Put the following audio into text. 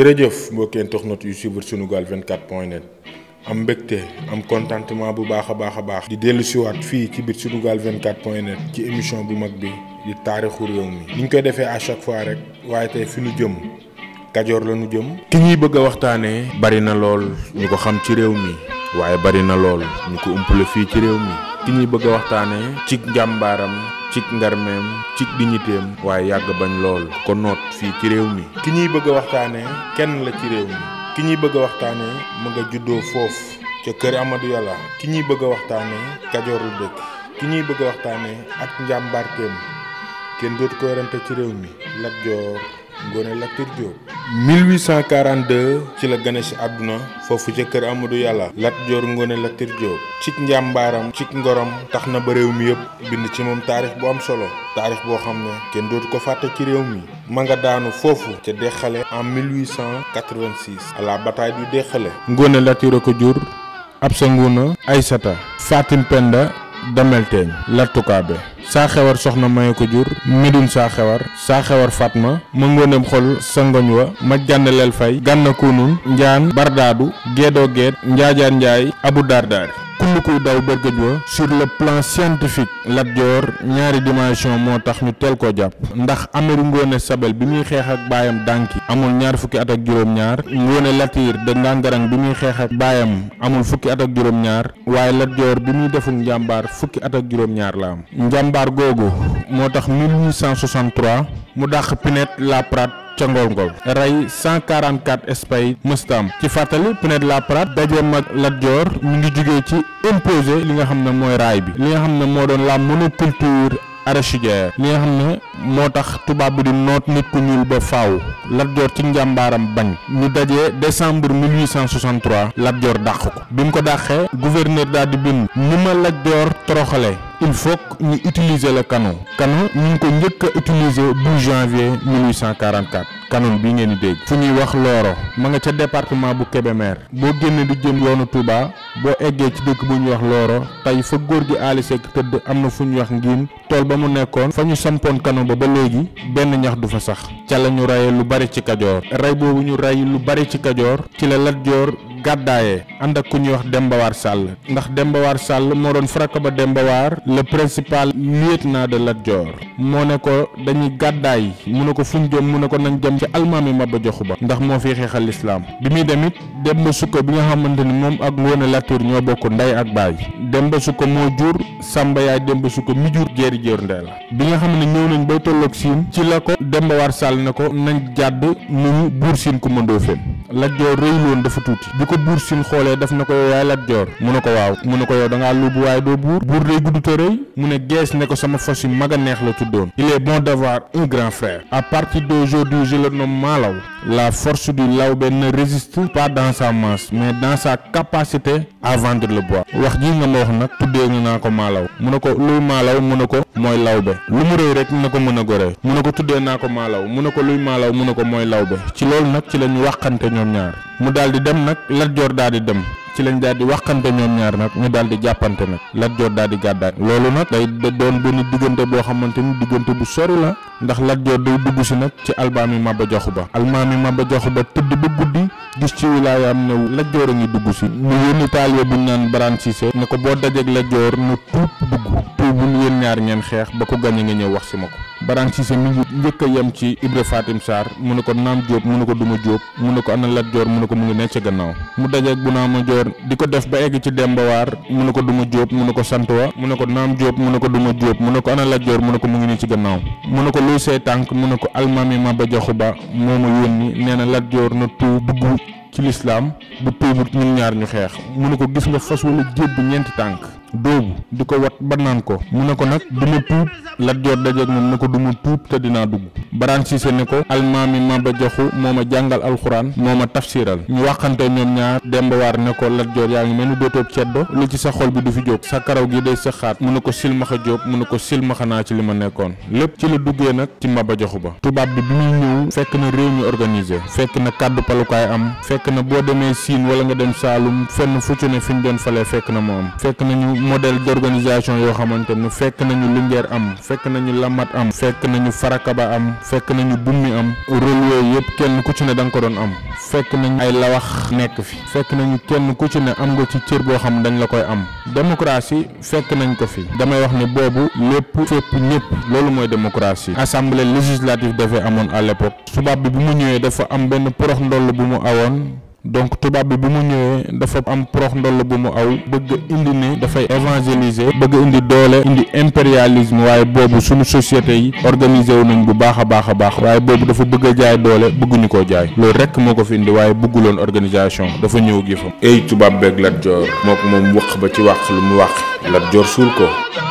jërëjëf mbokki internet yu suivre Sunugal 24 point net am mbégte am contentement bu baax a baax a baax. di dellu siwaat fii ci biir Sunugal 24 point net ci émission bu mag bi di taarixu réew mi. ni ñu koy defee à chaque fois rek waaye tey fi ñu jëm kajoor la jëm. ki ñuy bëgg a waxtaanee. bari na lool ñu ko xam ci réew mi waaye bari na lool ñu ko umpale fii ci réew mi. ki ñuy bëgg a waxtaanee cig njàmbaaram cig ngarmeem cig dignitéem waaye yàgg bañ lool ko noot fii ci réew mi ki ñuy bëgg a waxtaanee kenn la ci réew mi ki ñuy bëgg a waxtaanee mu nga juddoo foofu ca kër amadu Yàlla ki ñuy bëgg a waxtaanee Kajoor la dëkk ki ñuy bëgg a waxtaanee ak njàmbaarteem kenn dootu ko werante ci réew mi Lat Joor Ngoone Latyr Jóob 1842 ci la gane si àdduna foofu ca kër Amadou Yàlla Lat Joor Ngoone Latir Joob cig njàmbaaram cig ngorom tax na ba réew mi yëpp bind ci moom taarix bu am solo taarix boo xam ne kenn dootu ko fàtte ci réew mi ma nga daanu foofu ca Dexale en 1886 à la bataille du Dexale Ngoone Latir a ko jur Absa Ngouna Aysata Fatim Penda Damelteeñ Latukaabe saa xewar soxna maye ko jur medun saa xewar saa xewar fatma ma ngooneem xol sa ngoñ wa ma jànn leel fay gànna kunun njaan bardaadu geedoo geet njaajaan njaay abu daardaari kull kuy daw bërgëj wa sur le plan scientifique Lat Joor ñaari dimension moo tax ñu teel ko jàpp ndax Amadou Ngoone Sabel bi muy xeex ak baayam dànki amul ñaar fukki at ak juróom-ñaar Ngoone Latiir de Ngangarang bi muy xeex ak baayam amul fukki at ak juróom-ñaar waaye Lat Joor bi muy deful njàmbaar fukki at ak juróom-ñaar la am njàmbaar googu moo tax 1863 mu dàq Pinet Laprade ca ngool ngool rey 144 espay mëstaam ci fàttali Pinet-Laprade dajeem ak ma Dior mu ngi jugee ci imposé li nga xam ne mooy raay bi li nga xam ne moo doon la monoculture arachidière li nga xam ne moo tax tubaab bi di noot nit ku ñuul ba faaw Lat Joor ci njàmbaaram bañ ñu dajee décembre 1863 Lat Joor dàq ko bi mu ko dàqee gouverneur daal di bind mu ma Lat Joor toroxalee il faut que ñu utiliser le canon canon ñu ngi ko njëkk a utiliser 12 janvier 1844 canon bi ngeen di dégg fu ñuy wax Looro ma nga ca département bu Kébémer boo génne di jëm yoonu Touba boo eggee ci dëkk bu ñuy wax Looro tey fa góor gi Aali Sekk tëdd am na fu ñuy wax Ngin tool ba mu nekkoon fa ñu sampoon canon ba ba léegi benn ñax du fa sax ca la ñu raye lu bari ci kajoor rey boobu ñu rey lu bari ci kajoor ci la Lat Joor gàddaayee ànd ak ku ñuy wax Demba War Sall ndax Demba War Sall moo doon fraka ba Demba War le principal naa de Lat Joor moo ne ko dañuy gàddaay mu ne ko fuñ jëm mu ne ko nañ jëm ci almaami Maba Jaxu Ba ndax moo fi xeexal lislaam bi muy dem it Demba Sukko bi nga xamante ni moom ak Ngoone ñoo bokk ndey ak baay Demba Sukko moo jur Samba yaay Demba Sukko mi jur jeeri jeer ndee la bi nga xam ne ñëw nañ bay tolloog ci la ko Demba War Sall ne ko nañ jàdd mu buur siin ku mëndoo fen Lat Joor dafa tuuti ko buur siin xoolee daf na ko yow yaay Lat Joor mu ne ko waaw mu ne ko yow da ngaa luubu waaye doo buur buur day gudd te mu ne gees ne ko sama fas yu mag neex la tuddoon il est bon d'avoir un grand frère à partir d'aujourd'hui je le nomme Malaw la force du lawbe benn résiste pas dans sa masse mais dans sa capacité à vendre le bois wax ji nga ma wax nag tuddee nga naa ko Malaw mu ne ko luy Malaw mu ne ko mooy lawbe lu mu rëy rek na ko mën a gore mu ne ko tuddee naa ko maalaw mu ne ko luy maalaw mu ne ko mooy lawbe ci loolu nag ci la ñu waxante ñoom ñaar mu daal di dem nag Lat Joor daal di dem ci lañ daal di waxante ñoom ñaar nag ñu daal di jàppante nag Lat Joor daal di gàddaay loolu nag day doon benn diggante boo xamante ni diggante bu sori la ndax Lat Joor day dugg si nag ci almaami Maba Jaxu Ba almaami Maba Jaxu Ba tëdd ba guddi gis ci wilaayaam ne la Joor a dugg si mu yónni taalibe bu ñu naan Baraan Cissé ne ko boo dajeeg Lat Joor nu am yéen ñaar ngeen xeex ba ko gagné nga ñëw wax si ma ko Barham Cissé mi ngi njëkk a yem ci Ibra Fatim Sarr mu ne ko naam Diop mu ne ko duma Diop mu ne ko ana Lat mu ne ko mu ngi nekk ca gannaaw mu dajeeg bu naama Joor di ko def ba egg ci Dembawaar mu ne ko duma ko sant wa ne ko naam Diop mu ne ko duma Diop mu ne ko ana Lat Joor mu ne ko mu ngi nii ci gannaaw mu ne ko luy say tànk mu ne ko almami ma ba joxu ba moo ma yónni nee na Lat Joor na tuu dugg ci lislaam bu tuubut ñun ñaar ñu xeex mu ne ko gis nga fas wala jébb ñeenti tànk dóobu du ko wat ba naan ko mu ne ko nag dina tuub Lat Joor moom ne ko du ma tuub te dinaa dugg Baraan Siise ne ko almaami Maba Jaxu moo ma jàngal alxuraan moo ma tafsiral ñu waxante ñoom ñaar Demba Waar ne ko Lat Joor yaa ngi mel ni dootoob ceddo li ci sa xol bi du fi jóg sa karaw gi day sa mu ne ko silmaxa jóob mu ne ko silmaxa naa ci li ma nekkoon lépp ci li duggee nag ci Maba joxu ba tubaab bi bi muy ñëw fekk na réew mi organisé fekk na kàddu palukaay am fekk na boo demee Siin wala nga dem Saalum fenn fuccu ne fi ñu doon falee fekk na mu am fekk nañu modèle d'organisation yoo xamante ne fekk nañu Linguère am fekk nañu lamat am fekk nañu farakaba am fekk nañu bummi am rôle yooyu yëpp kenn ku ci ne da nga ko doon am fekk nañu ay la wax nekk fi fekk nañu kenn ku am nga ci cër boo xam dañ la koy am démocratie fekk nañ ko fi damay wax ne boobu lépp fépp ñëpp loolu mooy démocratie assemblée législative dafay amoon à l'époque tubaab bi bu mu ñëwee dafa am benn porox ndoll bu mu awoon donc tubaab bi bu mu ñëwee dafa am prox ndoll bu mu aw bëgg indi ne dafay évangéliser bëgg indi doole indi impérialisme waaye boobu suñu société yi organisé wu nañ bu baax a baax a baax waaye boobu dafa bëgg a jaay doole bëgguñu koo jaay loolu rek moo ko fi indi waaye bëgguloon organisation dafa ñëw gi fa ay tubaab beeg Lat Joor moo ko moom wax ba ci wax lu mu wax Lat Joor suul ko